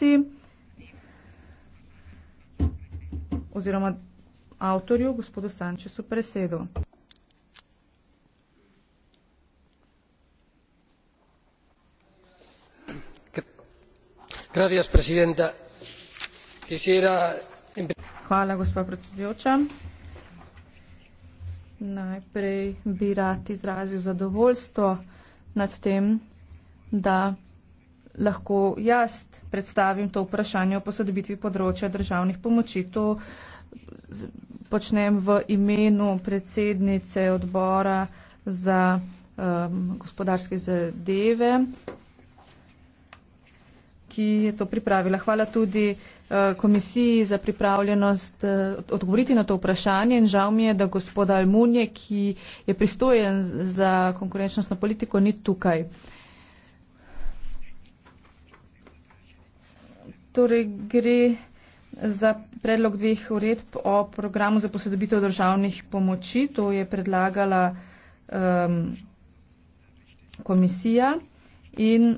pisci oziroma avtorju, gospodu Sančesu Presedo. Gracias, presidenta. Quisiera... Hvala, gospod predsedujoča. Najprej bi rad izrazil zadovoljstvo nad tem, da lahko jaz predstavim to vprašanje o posodobitvi področja državnih pomoči. To počnem v imenu predsednice odbora za um, gospodarske zadeve, ki je to pripravila. Hvala tudi uh, komisiji za pripravljenost uh, odgovoriti na to vprašanje in žal mi je, da gospoda Almunje, ki je pristojen za konkurenčnostno politiko, ni tukaj. Uh, Torej gre za predlog dveh uredb o programu za posodobitev državnih pomoči. To je predlagala um, komisija in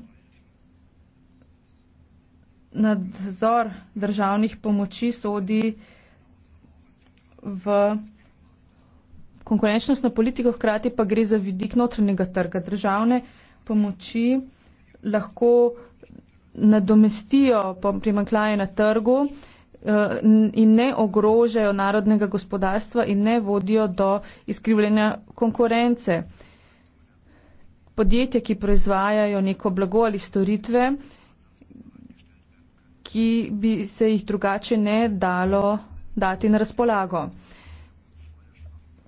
nadzor državnih pomoči sodi v konkurenčnostno politiko, hkrati pa gre za vidik notrnega trga. Državne pomoči lahko nadomestijo primankljaje na trgu eh, in ne ogrožajo narodnega gospodarstva in ne vodijo do izkrivljenja konkurence. Podjetja, ki proizvajajo neko blago ali storitve, ki bi se jih drugače ne dalo dati na razpolago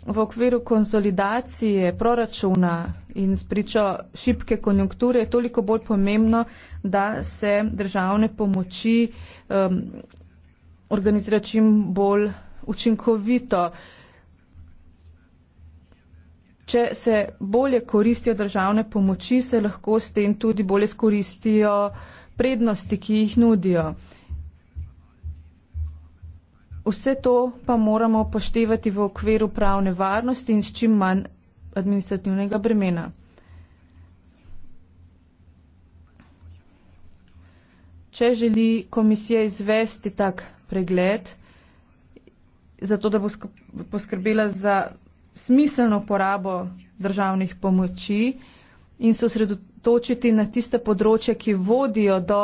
v okviru konsolidacije proračuna in spričo šibke konjunkture je toliko bolj pomembno, da se državne pomoči um, organizira čim bolj učinkovito. Če se bolje koristijo državne pomoči, se lahko s tem tudi bolje skoristijo prednosti, ki jih nudijo. Uh, Vse to pa moramo poštevati v okviru pravne varnosti in s čim manj administrativnega bremena. Če želi komisija izvesti tak pregled, zato da bo poskrbela za smiselno porabo državnih pomoči in se osredotočiti na tiste področje, ki vodijo do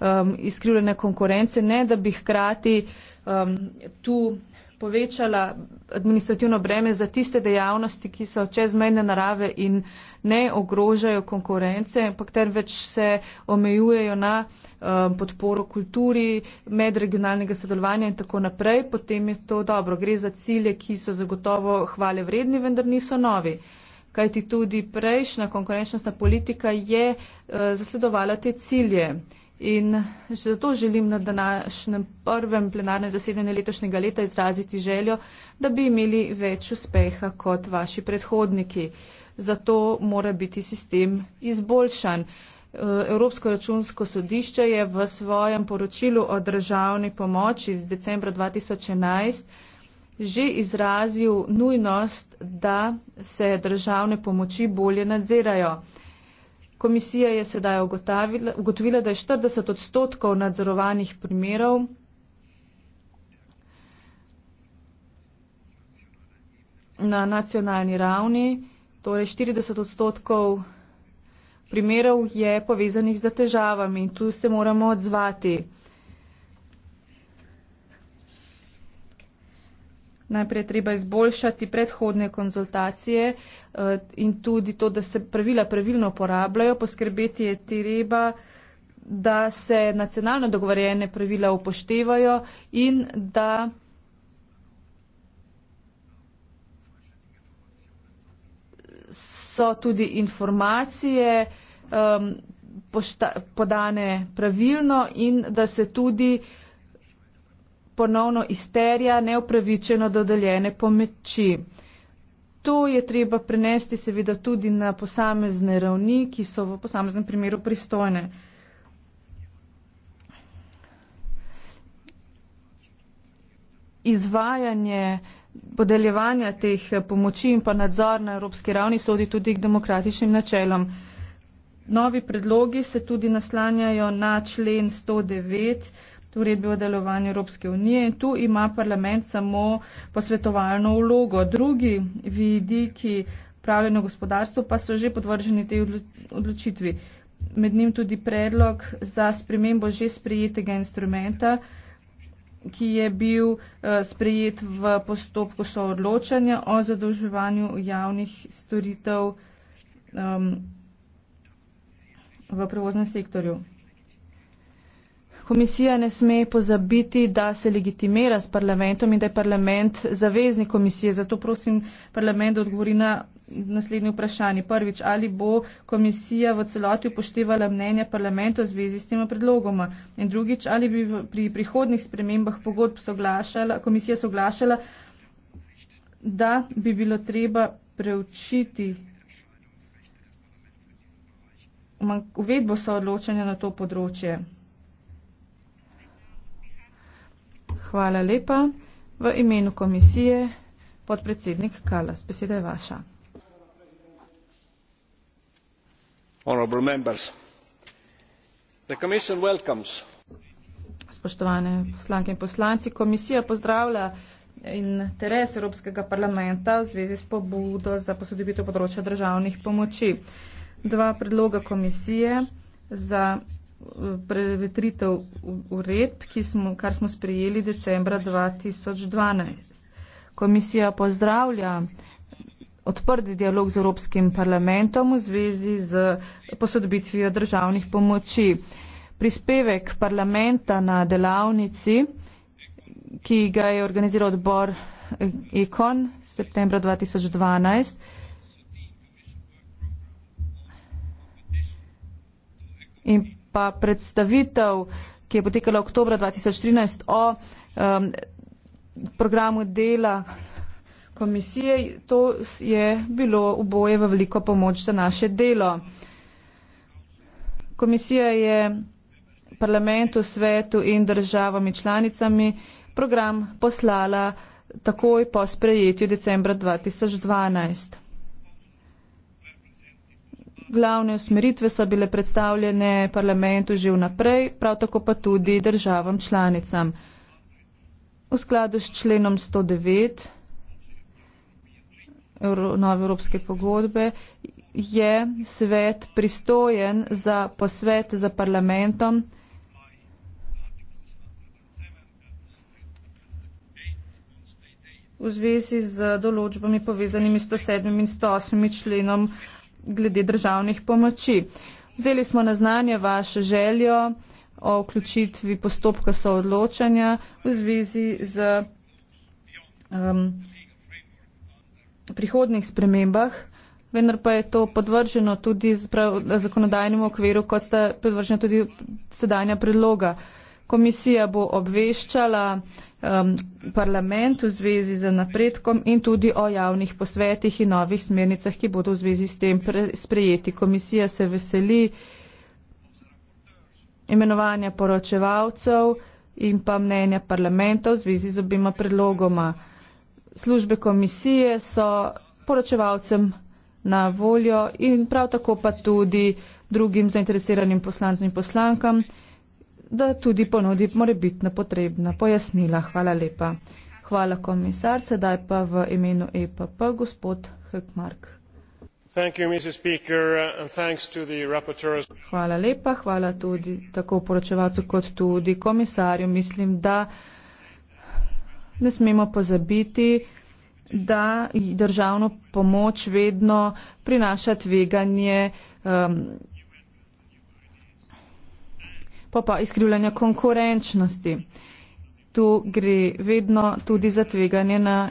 um, izkrivljene konkurence, ne da bi hkrati um, tu povečala administrativno breme za tiste dejavnosti, ki so čezmejne narave in ne ogrožajo konkurence, ampak temveč se omejujejo na um, podporo kulturi, medregionalnega sodelovanja in tako naprej, potem je to dobro. Gre za cilje, ki so zagotovo hvale vredni, vendar niso novi. Kajti tudi prejšnja konkurenčnostna politika je uh, zasledovala te cilje. In zato želim na današnjem prvem plenarnem zasedanju letošnjega leta izraziti željo, da bi imeli več uspeha kot vaši predhodniki. Zato mora biti sistem izboljšan. Eh, Evropsko računsko sodišče je v svojem poročilu o državni pomoči iz decembra 2011 že izrazil nujnost, da se državne pomoči bolje nadzirajo. Komisija je sedaj ugotovila, da je 40 odstotkov nadzorovanih primerov na nacionalni ravni, torej 40 odstotkov primerov je povezanih z težavami in tu se moramo odzvati. najprej treba izboljšati predhodne konzultacije eh, in tudi to, da se pravila pravilno uporabljajo, poskrbeti je treba, da se nacionalno dogovorjene pravila upoštevajo in da. So tudi informacije um, pošta, podane pravilno in da se tudi uh, ponovno izterja neupravičeno dodeljene pomoči. To je treba prenesti seveda tudi na posamezne ravni, ki so v posameznem primeru pristojne. Izvajanje podeljevanja teh pomoči in pa nadzor na evropski ravni sodi tudi k demokratičnim načelom. Novi predlogi se tudi naslanjajo na člen 109 uredbe o delovanju Evropske unije. Tu ima parlament samo posvetovalno vlogo. Drugi vidiki upravljeno gospodarstvo pa so že podvrženi tej odločitvi. Med njim tudi predlog za spremembo že sprejetega instrumenta, ki je bil eh, sprejet v postopku soodločanja o zadolževanju javnih storitev um, v prevoznem sektorju komisija ne sme pozabiti, da se legitimira s parlamentom in da je parlament zaveznik komisije. Zato prosim parlament da odgovori na naslednje vprašanje. Prvič, ali bo komisija v celoti upoštevala mnenje parlamenta v zvezi s tema predlogoma? In drugič, ali bi pri prihodnih spremembah pogodb soglašala, komisija soglašala, da bi bilo treba preučiti uvedbo soodločanja na to področje? Hvala lepa. V imenu komisije, podpredsednik Kalas, beseda je vaša. Spoštovane poslanke in poslanci, komisija pozdravlja interes Evropskega parlamenta v zvezi s pobudo za posodobitev področja državnih pomoči. Dva predloga komisije za prevetritev uredb, smo, kar smo sprejeli decembra 2012. Komisija pozdravlja odprti dialog z Evropskim parlamentom v zvezi z posodobitvijo državnih pomoči. Prispevek parlamenta na delavnici, ki ga je organiziral odbor ECON septembra 2012 in pa predstavitev, ki je potekala oktober 2013 o um, programu dela komisije. To je bilo v boje v veliko pomoč za naše delo. Komisija je parlamentu, svetu in državami članicami program poslala takoj po sprejetju decembra 2012. Glavne usmeritve so bile predstavljene parlamentu že vnaprej, prav tako pa tudi državam članicam. V skladu s členom 109 nove Evropske pogodbe je svet pristojen za posvet za parlamentom. v zvezi z določbami povezanimi 107 in 108 členom uh, glede državnih pomoči. Vzeli smo na znanje vaše željo o vključitvi postopka soodločanja v zvezi z um, prihodnih spremembah, vendar pa je to podvrženo tudi zakonodajnemu okviru, kot sta podvržena tudi sedanja predloga. Uh, Komisija bo obveščala um, parlament v zvezi z napredkom in tudi o javnih posvetih in novih smernicah, ki bodo v zvezi s tem sprejeti. Komisija se veseli imenovanja poročevalcev in pa mnenja parlamenta v zvezi z obima predlogoma. Službe komisije so poročevalcem na voljo in prav tako pa tudi drugim zainteresiranim poslancem in poslankam da tudi ponudi morebitna potrebna pojasnila. Hvala lepa. Hvala, komisar. Sedaj pa v imenu EPP gospod Hökmark. Hvala lepa, hvala tudi tako poročevalcu kot tudi komisarju. Mislim, da ne smemo pozabiti, da državno pomoč vedno prinaša tveganje. Um, pa pa izkrivljanja konkurenčnosti. Tu gre vedno tudi za tveganje na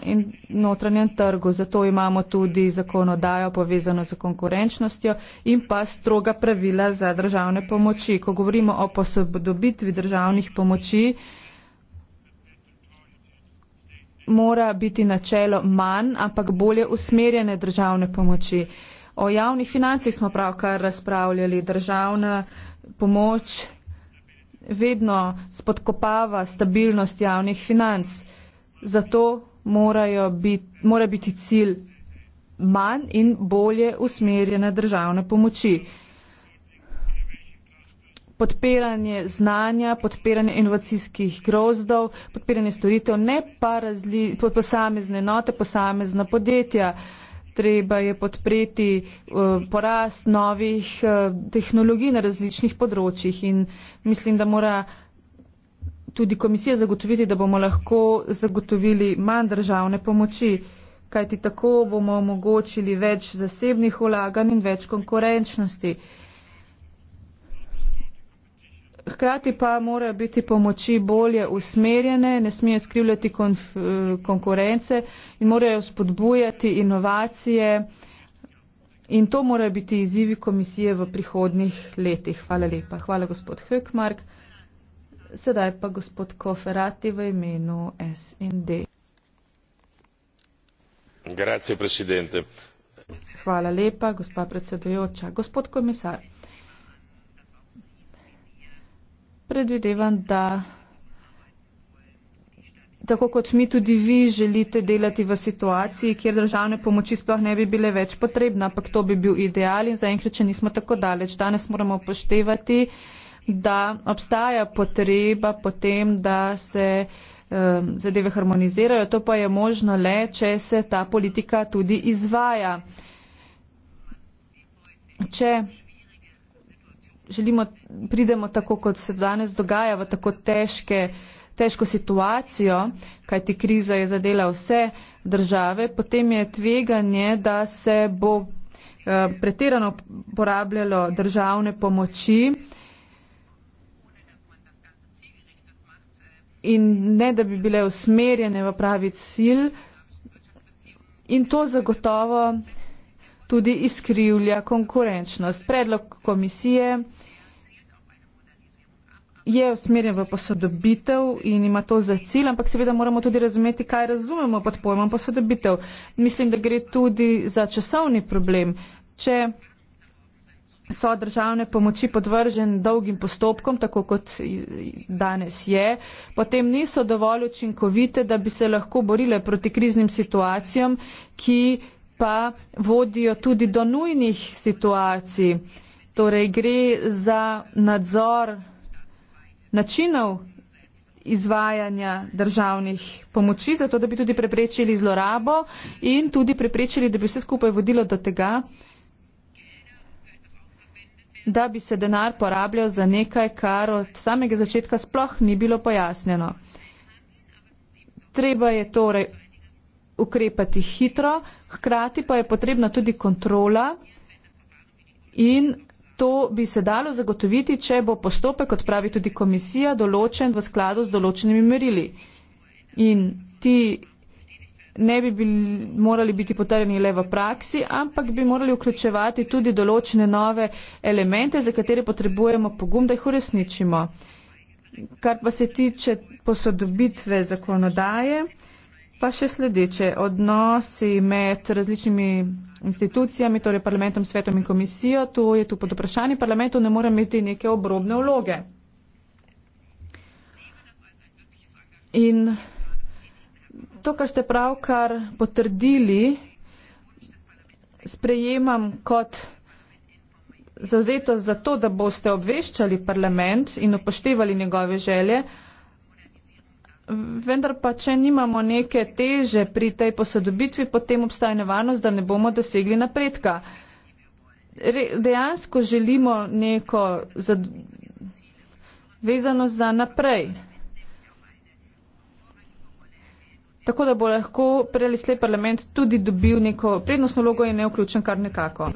notranjem trgu, zato imamo tudi zakonodajo povezano z konkurenčnostjo in pa stroga pravila za državne pomoči. Ko govorimo o posodobitvi državnih pomoči, mora biti načelo manj, ampak bolje usmerjene državne pomoči. O javnih financih smo pravkar razpravljali. Državna pomoč vedno spodkopava stabilnost javnih financ. Zato bit, mora biti cilj manj in bolje usmerjene državne pomoči. Podpiranje znanja, podpiranje inovacijskih grozdov, podpiranje storitev, ne pa razli, posamezne note, posamezna podjetja. Uh, treba je podpreti eh, porast novih eh, tehnologij na različnih področjih in mislim, da mora tudi komisija zagotoviti, da bomo lahko zagotovili manj državne pomoči, kajti tako bomo omogočili več zasebnih vlaganj in več konkurenčnosti hkrati pa morajo biti pomoči bolje usmerjene, ne smejo skrivljati konf, konkurence in morajo spodbujati inovacije. In to morajo biti izzivi komisije v prihodnih letih. Hvala lepa. Hvala gospod Hökmark. Sedaj pa gospod Koferati v imenu SND. Hvala lepa, gospa predsedujoča. Gospod komisar, Predvidevam, da tako kot mi tudi vi želite delati v situaciji, kjer državne pomoči sploh ne bi bile več potrebne, ampak to bi bil ideal in zaenkrat, če nismo tako daleč. Danes moramo upoštevati, da obstaja potreba potem, da se um, zadeve harmonizirajo. To pa je možno le, če se ta politika tudi izvaja. Če želimo, pridemo tako, kot se danes dogaja, v tako težke, težko situacijo, kajti kriza je zadela vse države, potem je tveganje, da se bo eh, pretirano porabljalo državne pomoči in ne, da bi bile usmerjene v pravi cilj. In to zagotovo tudi izkrivlja konkurenčnost. Predlog komisije je usmerjen v posodobitev in ima to za cilj, ampak seveda moramo tudi razumeti, kaj razumemo pod pojmom posodobitev. Mislim, da gre tudi za časovni problem. Če so državne pomoči podvržen dolgim postopkom, tako kot danes je, potem niso dovolj učinkovite, da bi se lahko borile proti kriznim situacijam, ki pa vodijo tudi do nujnih situacij. Torej gre za nadzor načinov izvajanja državnih pomoči, zato da bi tudi preprečili zlorabo in tudi preprečili, da bi vse skupaj vodilo do tega, da bi se denar porabljal za nekaj, kar od samega začetka sploh ni bilo pojasnjeno. Treba je torej ukrepati hitro, hkrati pa je potrebna tudi kontrola in to bi se dalo zagotoviti, če bo postopek, kot pravi tudi komisija, določen v skladu z določenimi merili. In ti ne bi bili, morali biti potrjeni le v praksi, ampak bi morali vključevati tudi določene nove elemente, za katere potrebujemo pogum, da jih uresničimo. Kar pa se tiče posodobitve zakonodaje, Pa še sledeče, odnosi med različnimi institucijami, torej parlamentom, svetom in komisijo, to je tu pod vprašanje, parlamentu ne more imeti neke obrobne vloge. In to, kar ste pravkar potrdili, sprejemam kot zauzeto za to, da boste obveščali parlament in upoštevali njegove želje, vendar pa, če nimamo neke teže pri tej posodobitvi, potem obstaja nevarnost, da ne bomo dosegli napredka. Re, dejansko želimo neko vezanost za naprej. Tako da bo lahko prelisle parlament tudi dobil neko prednostno logo in ne vključen kar nekako.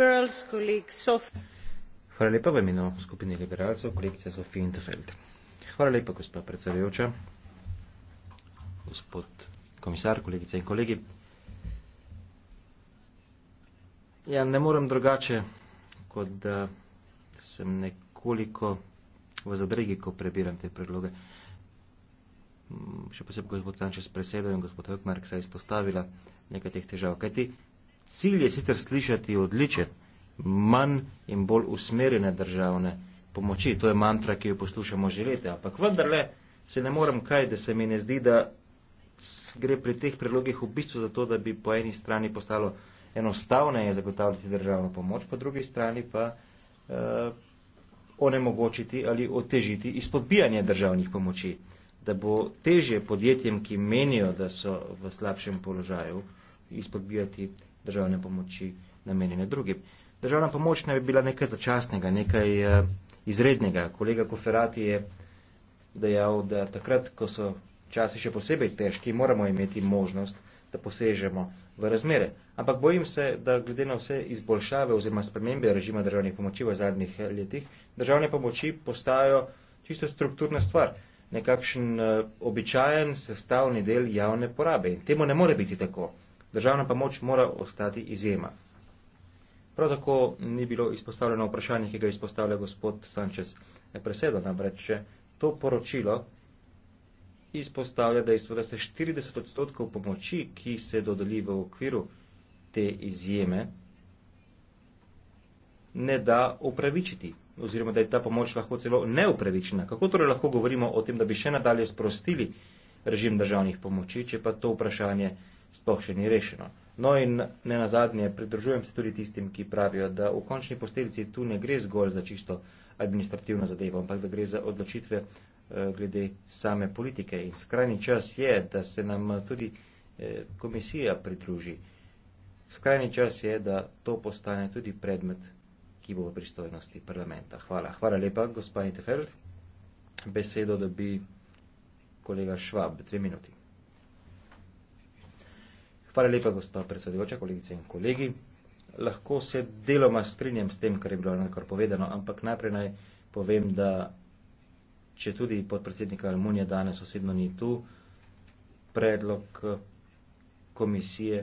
Hvala lepa v imenu skupine liberalcev, kolekcija Sofija Interfeld. Hvala lepa, gospod predsedujoča gospod komisar, kolegice in kolegi. Ja, ne morem drugače, kot da sem nekoliko v zadregi, ko prebiram te predloge. Še posebej gospod Sanče presedo in gospod Hökmark se je izpostavila nekaj teh težav. Kaj ti cilj je sicer slišati odličen, manj in bolj usmerjene državne pomoči. To je mantra, ki jo poslušamo že leta, ampak vendarle se ne morem kaj, da se mi ne zdi, da gre pri teh predlogih v bistvu za to, da bi po eni strani postalo enostavneje zagotavljati državno pomoč, po drugi strani pa eh, onemogočiti ali otežiti izpodbijanje državnih pomoči, da bo težje podjetjem, ki menijo, da so v slabšem položaju, izpodbijati državne pomoči namenjene drugim. Državna pomoč ne bi bila nekaj začasnega, nekaj eh, izrednega. Kolega Koferati je dejal, da takrat, ko so časi še posebej težki, moramo imeti možnost, da posežemo v razmere. Ampak bojim se, da glede na vse izboljšave oziroma spremembe režima državnih pomoči v zadnjih eh, letih, državne pomoči postajajo čisto strukturna stvar, nekakšen eh, običajen sestavni del javne porabe. In temu ne more biti tako. Državna pomoč mora ostati izjema. Prav tako ni bilo izpostavljeno vprašanje, ki ga izpostavlja gospod Sanchez. Presedo namreč, eh, to poročilo, izpostavlja dejstvo, da se 40 odstotkov pomoči, ki se dodeli v okviru te izjeme, ne da upravičiti, oziroma da je ta pomoč lahko celo neupravičena. Kako torej lahko govorimo o tem, da bi še nadalje sprostili režim državnih pomoči, če pa to vprašanje sploh še ni rešeno. No in ne nazadnje, pridružujem se tudi tistim, ki pravijo, da v končni posteljici tu ne gre zgolj za čisto administrativno zadevo, ampak da gre za odločitve Eh, glede same politike. In skrajni čas je, da se nam eh, tudi eh, komisija pridruži. Skrajni čas je, da to postane tudi predmet, ki bo v pristojnosti parlamenta. Hvala. Hvala lepa, gospod Intefeld. Besedo dobi kolega Švab, dve minuti. Hvala lepa, gospod predsedujoča, kolegice in kolegi. Lahko se deloma strinjam s tem, kar je bilo nekor povedano, ampak najprej naj povem, da če tudi podpredsednika Almunija danes osebno ni tu, predlog eh, komisije,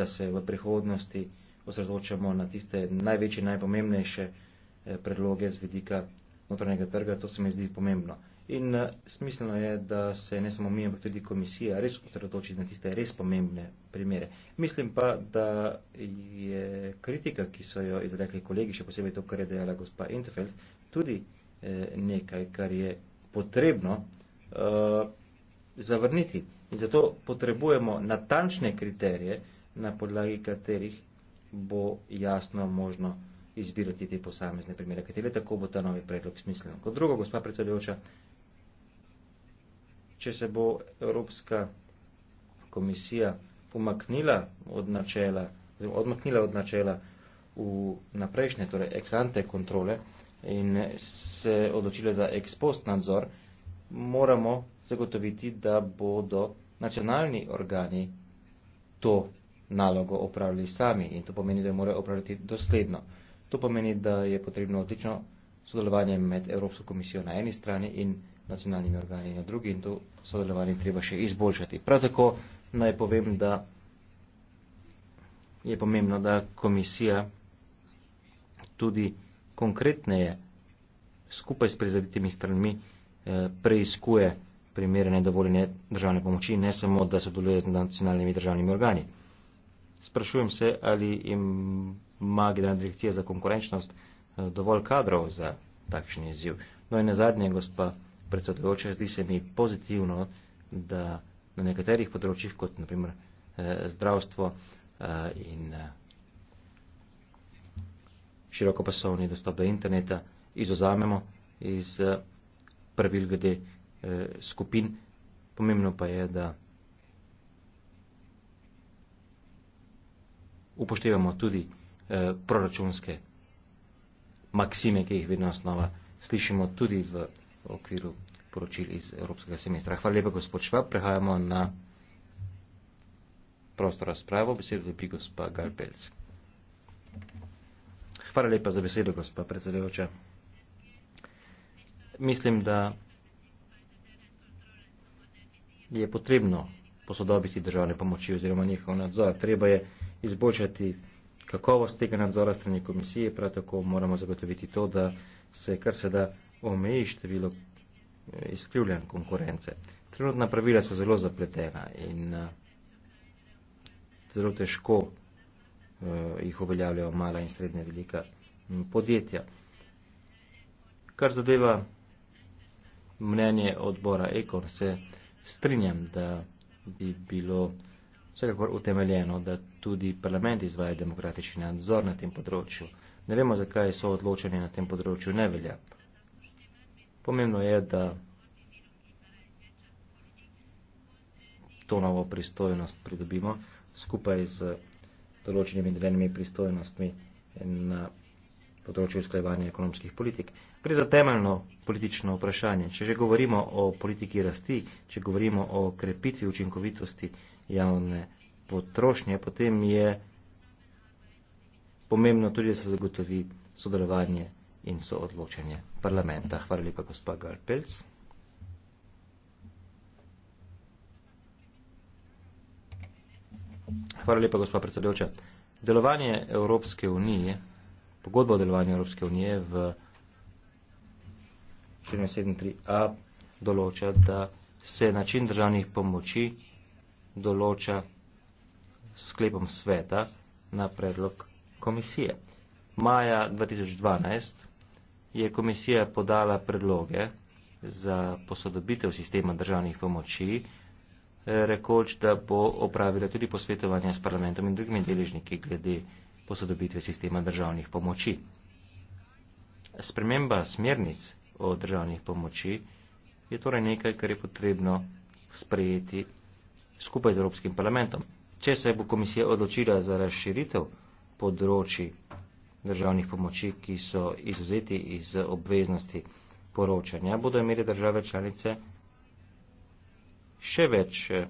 da se v prihodnosti osredotočamo na tiste največje, najpomembnejše eh, predloge z vidika notranjega trga, to se mi zdi pomembno. In eh, smiselno je, da se ne samo mi, ampak tudi komisija res osredotoči na tiste res pomembne primere. Mislim pa, da je kritika, ki so jo izrekli kolegi, še posebej to, kar je dejala gospa Interfeld, tudi Eh, nekaj, kar je potrebno eh, zavrniti. In zato potrebujemo natančne kriterije, na podlagi katerih bo jasno možno izbirati te posamezne primere, katere tako bo ta novi predlog smiseln. Kot drugo, gospa predsedujoča, če se bo Evropska komisija pomaknila od načela, odmaknila od načela v naprejšnje, torej ex ante kontrole, in se odločile za ekspost nadzor, moramo zagotoviti, da bodo nacionalni organi to nalogo opravili sami in to pomeni, da jo morajo opravljati dosledno. To pomeni, da je potrebno odlično sodelovanje med Evropsko komisijo na eni strani in nacionalnimi organi na drugi in to sodelovanje treba še izboljšati. Prav tako naj povem, da je pomembno, da komisija tudi konkretneje, skupaj s prizadetimi stranmi, eh, preiskuje primere nedovoljene državne pomoči, ne samo, da sodeluje z nacionalnimi državnimi organi. Sprašujem se, ali ima Generalna direkcija za konkurenčnost eh, dovolj kadrov za takšen izziv. No in na zadnje, gospa predsedujoča, zdi se mi pozitivno, da na nekaterih področjih, kot naprimer eh, zdravstvo in širokopasovni dostop do interneta izozamemo iz eh, pravil glede eh, skupin. Pomembno pa je, da upoštevamo tudi eh, proračunske maksime, ki jih vedno osnova slišimo tudi v okviru poročil iz Evropskega semestra. Hvala lepa, gospod Švab. Prehajamo na prostor razpravo. Besedo dobi gospa Galpelc. Hvala lepa za besedo, gospa predsedujoča. Mislim, da je potrebno posodobiti državne pomoči oziroma njihov nadzor. Treba je izboljšati kakovost tega nadzora strani komisije, prav tako moramo zagotoviti to, da se kar se da omeji število eh, izkrivljen konkurence. Trenutna pravila so zelo zapletena in eh, zelo težko Eh, jih uveljavljajo mala in srednja velika mm, podjetja. Kar zadeva mnenje odbora Ekon, se strinjam, da bi bilo vsekakor utemeljeno, da tudi parlament izvaja demokratični nadzor na tem področju. Ne vemo, zakaj so odločanje na tem področju ne velja. Pomembno je, da to novo pristojnost pridobimo skupaj z določenimi delenimi pristojnostmi na področju usklajevanja ekonomskih politik. Gre za temeljno politično vprašanje. Če že govorimo o politiki rasti, če govorimo o krepitvi učinkovitosti javne potrošnje, potem je pomembno tudi, da se zagotovi sodelovanje in soodločenje parlamenta. Hvala lepa, gospod Galpelc. Hvala lepa, gospod predsedujoča. Delovanje Evropske unije, pogodba o delovanju Evropske unije v 473a določa, da se način državnih pomoči določa sklepom sveta na predlog komisije. Maja 2012 je komisija podala predloge za posodobitev sistema državnih pomoči, rekoč, da bo opravila tudi posvetovanje s parlamentom in drugimi deležniki glede posodobitve sistema državnih pomoči. Sprememba smernic o državnih pomoči je torej nekaj, kar je potrebno sprejeti skupaj z Evropskim parlamentom. Če se bo komisija odločila za razširitev področji državnih pomoči, ki so izuzeti iz obveznosti poročanja, bodo imeli države članice še več eh,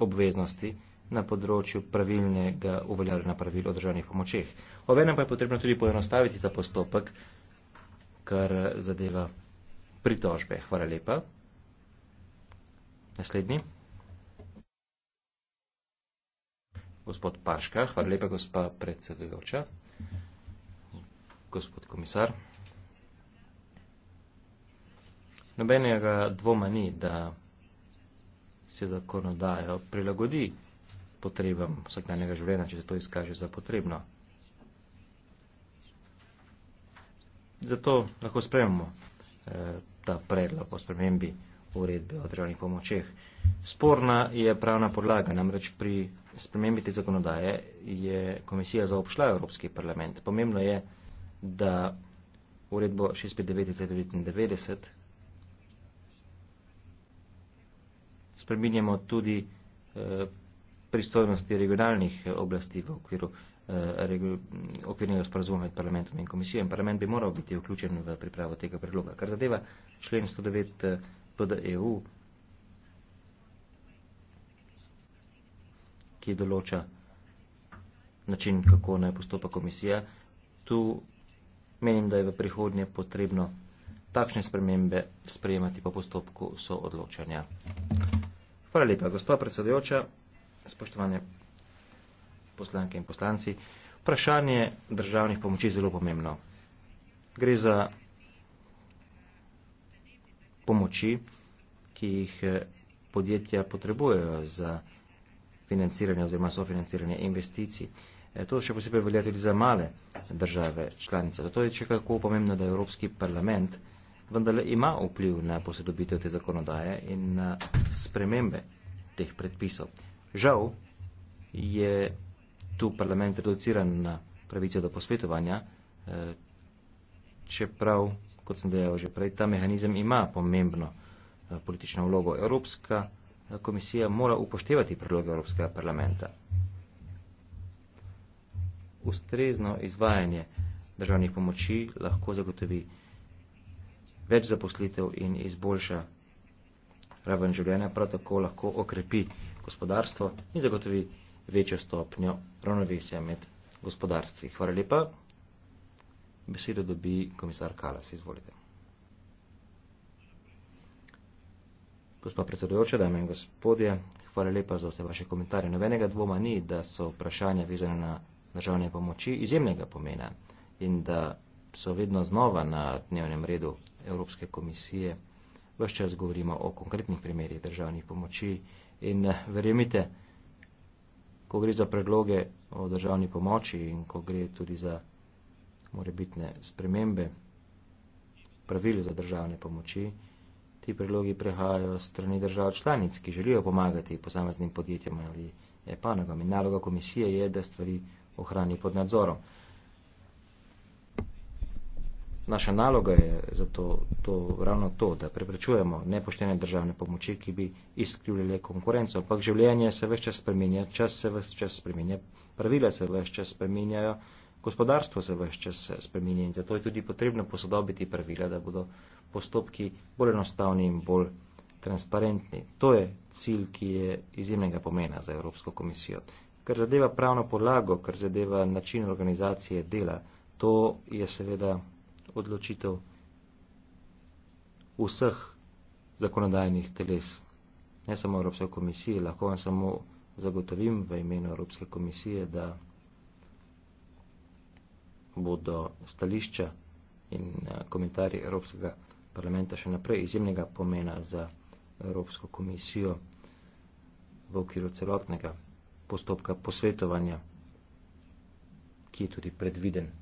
obveznosti na področju pravilnega uveljavljanja pravil o državnih pomočeh. Ovenem pa je potrebno tudi poenostaviti ta postopek, kar eh, zadeva pritožbe. Hvala lepa. Naslednji. Gospod Paška, hvala lepa, gospa predsedujoča. Gospod komisar. Nobenega dvoma ni, da se zakonodajo prilagodi potrebam vsakdanjega življenja, če se to izkaže za potrebno. Zato lahko spremimo eh, ta predlog o spremembi uredbe o državnih pomočeh. Sporna je pravna podlaga, namreč pri spremembi te zakonodaje je komisija zaopšla Evropski parlament. Pomembno je, da uredbo 659 spreminjamo tudi eh, pristojnosti regionalnih eh, oblasti v okviru eh, okvirnega sporazuma med parlamentom in komisijo in parlament bi moral biti vključen v pripravo tega predloga. Kar zadeva člen 109 PDEU, ki določa način, kako naj postopa komisija, tu menim, da je v prihodnje potrebno takšne spremembe sprejemati po postopku soodločanja. odločanja. Hvala lepa, gospod predsedujoča, spoštovane poslanke in poslanci. Vprašanje državnih pomoči je zelo pomembno. Gre za pomoči, ki jih eh, podjetja potrebujejo za financiranje oziroma sofinanciranje investicij. Eh, to še posebej velja tudi za male države članice. Zato je še kako pomembno, da je Evropski parlament vendarle ima vpliv na posodobitev te zakonodaje in na spremembe teh predpisov. Žal je tu parlament reduciran na pravico do posvetovanja, eh, čeprav, kot sem dejal že prej, ta mehanizem ima pomembno eh, politično vlogo. Evropska eh, komisija mora upoštevati predloge Evropskega parlamenta. Ustrezno izvajanje državnih pomoči lahko zagotovi več zaposlitev in izboljša raven življenja, prav tako lahko okrepi gospodarstvo in zagotovi večjo stopnjo ravnovesja med gospodarstvi. Hvala lepa. Besedo dobi komisar Kalas. Izvolite. Gospa predsedujoča, dame in gospodje, hvala lepa za vse vaše komentarje. Novenega dvoma ni, da so vprašanja vezane na državne pomoči izjemnega pomena in da so vedno znova na dnevnem redu Evropske komisije. Vse čas govorimo o konkretnih primerjih državnih pomoči in eh, verjemite, ko gre za predloge o državni pomoči in ko gre tudi za morebitne spremembe pravil za državne pomoči, ti predlogi prehajajo strani držav članic, ki želijo pomagati posameznim podjetjem ali panogam. In naloga komisije je, da stvari ohrani pod nadzorom. Naša naloga je zato to, ravno to, da preprečujemo nepoštene državne pomoči, ki bi izkrivljale konkurenco. Ampak življenje se vse čas spreminja, čas se vse čas spreminja, pravile se vse čas spreminjajo, gospodarstvo se vse čas spreminja in zato je tudi potrebno posodobiti pravila, da bodo postopki bolj enostavni in bolj transparentni. To je cilj, ki je izjemnega pomena za Evropsko komisijo. Ker zadeva pravno podlago, ker zadeva način organizacije dela, to je seveda odločitev vseh zakonodajnih teles, ne samo Evropske komisije. Lahko vam samo zagotovim v imenu Evropske komisije, da bodo stališča in eh, komentarji Evropskega parlamenta še naprej izjemnega pomena za Evropsko komisijo v okviru celotnega postopka posvetovanja, ki je tudi predviden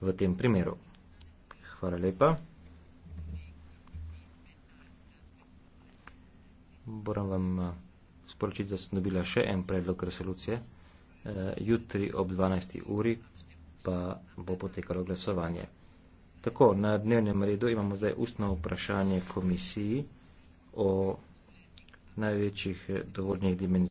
v tem primeru. Hvala lepa. Moram vam eh, sporočiti, da sem dobila še en predlog resolucije. Eh, jutri ob 12. uri pa bo potekalo glasovanje. Tako, na dnevnem redu imamo zdaj ustno vprašanje komisiji o največjih eh, dovoljnih dimenzij.